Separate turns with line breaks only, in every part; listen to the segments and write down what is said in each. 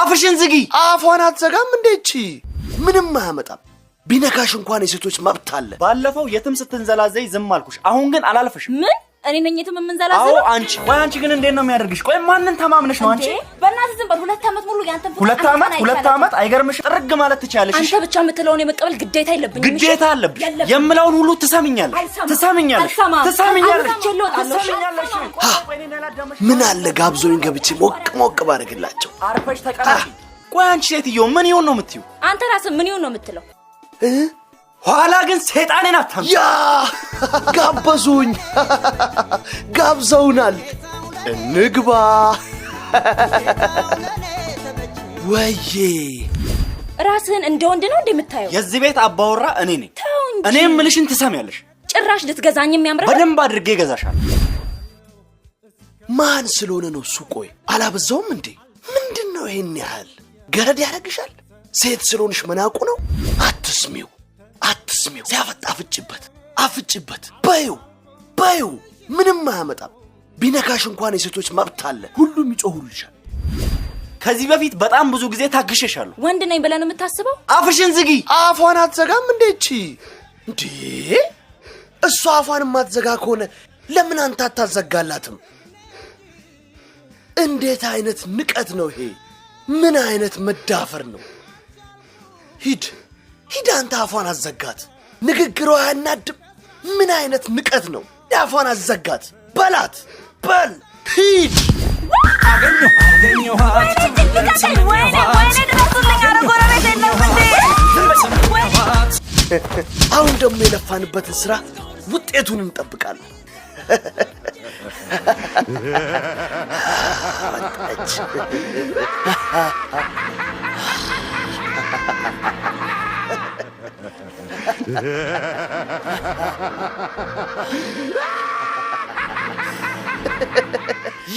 አፍሽን ዝጊ።
አፏን አትዘጋም እንዴች?
ምንም አያመጣም። ቢነካሽ እንኳን የሴቶች መብት አለ። ባለፈው የትም ስትንዘላዘይ ዝም አልኩሽ። አሁን ግን አላልፈሽም።
ምን እኔ ነኝ የትም የምንዘላዘለው።
አዎ አንቺ ቆይ፣ አንቺ ግን እንዴት ነው የሚያደርግሽ? ቆይ ማንን ተማምነሽ ነው አንቺ?
በእናትህ ዝም በል። ሁለት ዓመት ሙሉ ያንተ
ሁለት ዓመት ሁለት ዓመት አይገርምሽ? ጥርግ ማለት ትችያለሽ።
አንተ ብቻ የምትለውን የመቀበል ግዴታ የለብኝ።
ግዴታ አለብሽ። የምለውን ሁሉ ትሰምኛለሽ፣ ትሰምኛለሽ፣ ትሰምኛለሽ፣ ትሰምኛለሽ። ምን አለ ጋብዞኝ ገብቼ ሞቅ ሞቅ ባደርግላቸው።
አርፈሽ ተቀመጪ።
ቆይ አንቺ ሴትዮ ምን ይሁን ነው የምትይው?
አንተ ራስህ ምን ይሁን ነው የምትለው?
ኋላ ግን ሰይጣኔን አታም ያ ጋበዙኝ፣ ጋብዘውናል፣ እንግባ። ወዬ
ራስህን እንደ ወንድ ነው እንደምታየው?
የዚህ ቤት አባወራ እኔ ነኝ። ተው እንጂ። እኔ የምልሽን ትሰሚያለሽ?
ጭራሽ ልትገዛኝ የሚያምረ
በደንብ አድርጌ እገዛሻለሁ። ማን ስለሆነ ነው እሱ? ቆይ አላበዛውም እንዴ? ምንድን ነው ይሄን ያህል ገረድ ያደርግሻል? ሴት ስለሆንሽ መናቁ ነው። አትስሚው አትስሜው። ሲያፈጥ አፍጭበት፣ አፍጭበት፣ በዩ በዩ፣ ምንም አያመጣም። ቢነካሽ እንኳን የሴቶች መብት አለ፣ ሁሉም ይጮሁልሻል። ከዚህ በፊት በጣም ብዙ ጊዜ ታግሸሻለሁ።
ወንድ ነኝ ብለን የምታስበው?
አፍሽን ዝጊ።
አፏን አትዘጋም እንዴቺ?
እንዴ እሷ አፏን የማትዘጋ ከሆነ ለምን አንተ አታዘጋላትም? እንዴት አይነት ንቀት ነው ይሄ? ምን አይነት መዳፈር ነው? ሂድ ሂዳንተ አፏን አዘጋት። ንግግሯ ያናድም። ምን አይነት ንቀት ነው? አፏን አዘጋት በላት። በል ሂድ። አሁን ደግሞ የለፋንበትን ስራ ውጤቱን እንጠብቃለን። መጣች።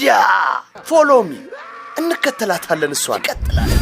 ያ ፎሎሚ እንከተላታለን። እሷን ይቀጥላል።